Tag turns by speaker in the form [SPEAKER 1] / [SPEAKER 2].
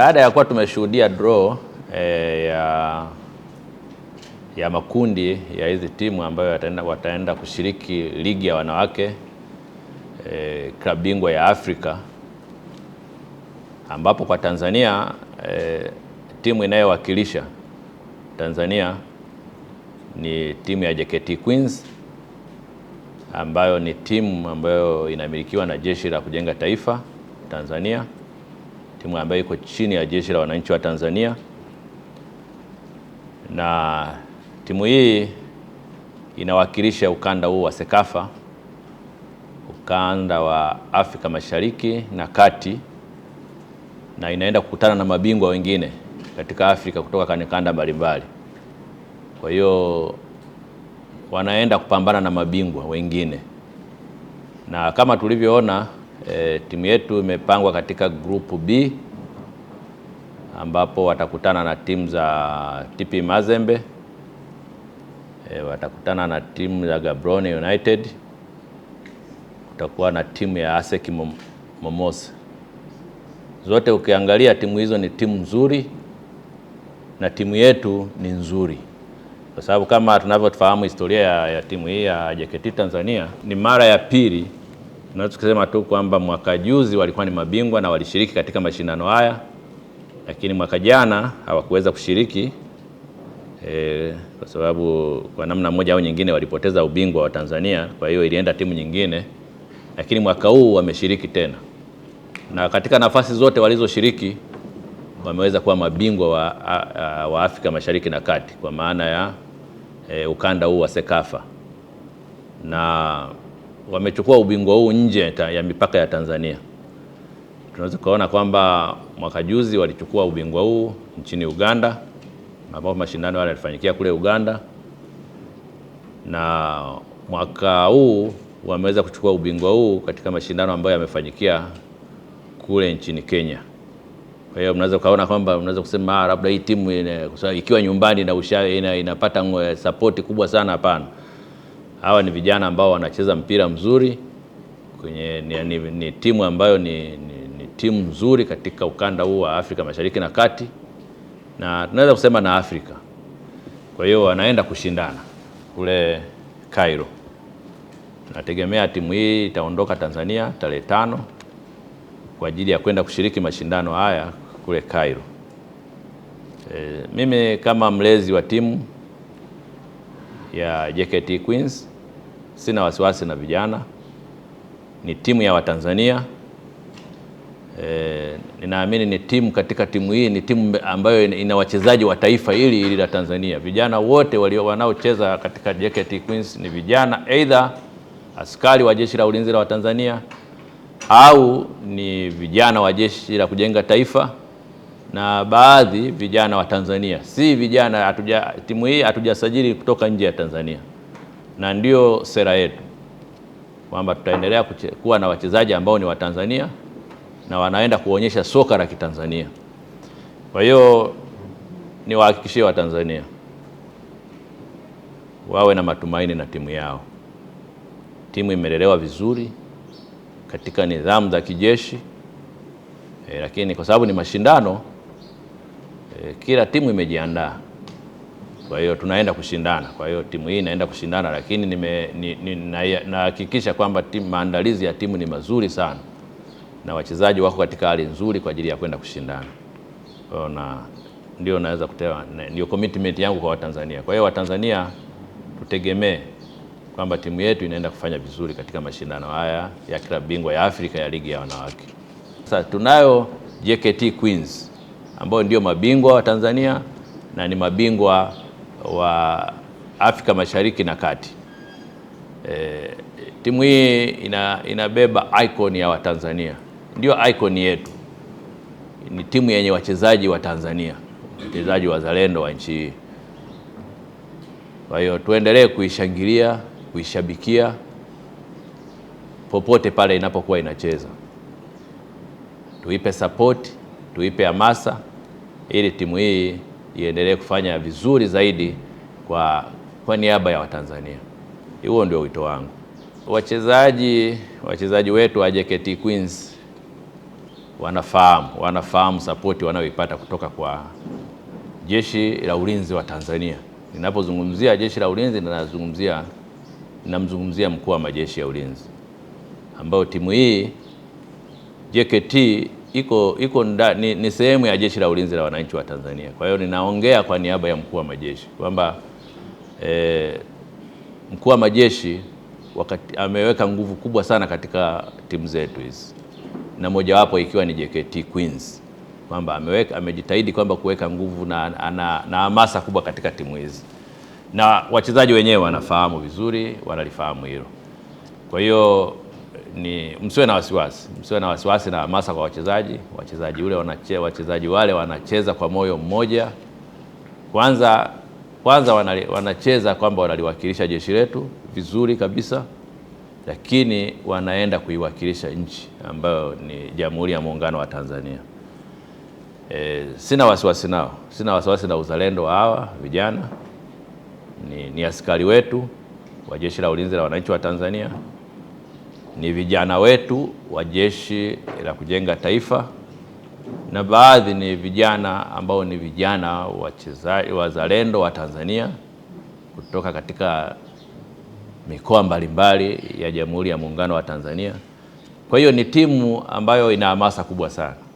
[SPEAKER 1] baada ya kuwa tumeshuhudia draw e, ya, ya makundi ya hizi timu ambayo wataenda, wataenda kushiriki ligi ya wanawake e, klabu bingwa ya Afrika ambapo kwa Tanzania e, timu inayowakilisha Tanzania ni timu ya JKT Queens ambayo ni timu ambayo inamilikiwa na Jeshi la Kujenga Taifa Tanzania timu ambayo iko chini ya Jeshi la Wananchi wa Tanzania, na timu hii inawakilisha ukanda huu wa Sekafa, ukanda wa Afrika Mashariki na Kati, na inaenda kukutana na mabingwa wengine katika Afrika kutoka kwenye kanda mbalimbali. Kwa hiyo wanaenda kupambana na mabingwa wengine, na kama tulivyoona E, timu yetu imepangwa katika grupu B ambapo watakutana na timu za TP Mazembe e, watakutana na timu za Gaborone United, kutakuwa na timu ya ASEC Mimosas. Zote ukiangalia timu hizo ni timu nzuri na timu yetu ni nzuri kwa sababu kama tunavyofahamu historia ya, ya timu hii ya JKT e Tanzania ni mara ya pili Tunaweza tu kwamba mwaka juzi walikuwa ni mabingwa na walishiriki katika mashindano haya, lakini mwaka jana hawakuweza kushiriki e, kwa sababu kwa namna moja au nyingine walipoteza ubingwa wa Tanzania, kwa hiyo ilienda timu nyingine, lakini mwaka huu wameshiriki tena, na katika nafasi zote walizoshiriki wameweza kuwa mabingwa wa, wa Afrika Mashariki na Kati kwa maana ya e, ukanda huu wa Sekafa na wamechukua ubingwa huu nje ya mipaka ya Tanzania. Tunaweza kuona kwamba mwaka juzi walichukua ubingwa huu nchini Uganda, ambapo mashindano yale yalifanyikia kule Uganda, na mwaka huu wameweza kuchukua ubingwa huu katika mashindano ambayo yamefanyikia kule nchini Kenya. Kwa hiyo mnaweza kuona kwamba mnaweza kusema ah, labda hii timu ikiwa nyumbani na usha, ina, inapata support kubwa sana. Hapana hawa ni vijana ambao wanacheza mpira mzuri kwenye, ni, ni, ni timu ambayo ni, ni, ni timu nzuri katika ukanda huu wa Afrika Mashariki na Kati na tunaweza kusema na Afrika. Kwa hiyo wanaenda kushindana kule Cairo. Tunategemea timu hii itaondoka Tanzania tarehe tano kwa ajili ya kwenda kushiriki mashindano haya kule Cairo. E, mimi kama mlezi wa timu ya JKT Queens sina wasiwasi na vijana, ni timu ya Watanzania. E, ninaamini ni timu katika timu hii ni timu ambayo ina wachezaji wa taifa hili hili la Tanzania. Vijana wote walio wanaocheza katika JKT Queens ni vijana aidha askari wa jeshi la ulinzi la Tanzania au ni vijana wa jeshi la kujenga taifa na baadhi vijana wa Tanzania, si vijana hatuja, timu hii hatujasajili kutoka nje ya Tanzania na ndio sera yetu kwamba tutaendelea kuwa na wachezaji ambao ni Watanzania na wanaenda kuonyesha soka la Kitanzania. Kwa hiyo niwahakikishie Watanzania wawe na matumaini na timu yao. Timu imelelewa vizuri katika nidhamu za kijeshi e, lakini kwa sababu ni mashindano e, kila timu imejiandaa. Kwa hiyo tunaenda kushindana, kwa hiyo timu hii inaenda kushindana, lakini nahakikisha kwamba timu, maandalizi ya timu ni mazuri sana na wachezaji wako katika hali nzuri kwa ajili ya kwenda kushindana na ndio naweza kutoa, ndio commitment yangu kwa Watanzania. Kwa hiyo Watanzania tutegemee kwamba timu yetu inaenda kufanya vizuri katika mashindano haya ya klabu bingwa ya Afrika ya ligi ya wanawake. Sasa tunayo JKT Queens ambayo ndio mabingwa wa Tanzania na ni mabingwa wa Afrika Mashariki na Kati. E, timu hii ina, inabeba icon ya Watanzania, ndio icon yetu. Ni timu yenye wachezaji wa Tanzania, wachezaji wazalendo wa nchi hii. Kwa hiyo tuendelee kuishangilia, kuishabikia popote pale inapokuwa inacheza, tuipe support, tuipe hamasa ili timu hii iendelee kufanya vizuri zaidi kwa, kwa niaba ya Watanzania. Huo ndio wito wangu. Wachezaji wachezaji wetu wa JKT Queens wanafahamu wanafahamu sapoti wanayoipata kutoka kwa jeshi la ulinzi wa Tanzania. Ninapozungumzia jeshi la ulinzi, ninazungumzia ninamzungumzia mkuu wa majeshi ya ulinzi, ambayo timu hii JKT iko iko ni, ni sehemu ya Jeshi la Ulinzi la Wananchi wa Tanzania. Kwa hiyo ninaongea kwa niaba ya mkuu wa majeshi kwamba e, mkuu wa majeshi wakati, ameweka nguvu kubwa sana katika timu zetu hizi na mojawapo ikiwa ni JKT Queens kwamba ameweka amejitahidi kwamba kuweka nguvu na hamasa na, na kubwa katika timu hizi na wachezaji wenyewe wanafahamu vizuri, wanalifahamu hilo. Kwa hiyo ni msiwe na wasiwasi, msiwe na wasiwasi na hamasa kwa wachezaji. Wachezaji ule wanache, wachezaji wale wanacheza kwa moyo mmoja. Kwanza kwanza wanali, wanacheza kwamba wanaliwakilisha jeshi letu vizuri kabisa, lakini wanaenda kuiwakilisha nchi ambayo ni Jamhuri ya Muungano wa Tanzania. E, sina wasiwasi nao, sina wasiwasi na uzalendo wa hawa vijana. Ni, ni askari wetu wa Jeshi la Ulinzi la Wananchi wa Tanzania ni vijana wetu wa Jeshi la Kujenga Taifa, na baadhi ni vijana ambao ni vijana wachezaji wazalendo wa Tanzania kutoka katika mikoa mbalimbali ya Jamhuri ya Muungano wa Tanzania. Kwa hiyo ni timu ambayo ina hamasa kubwa sana.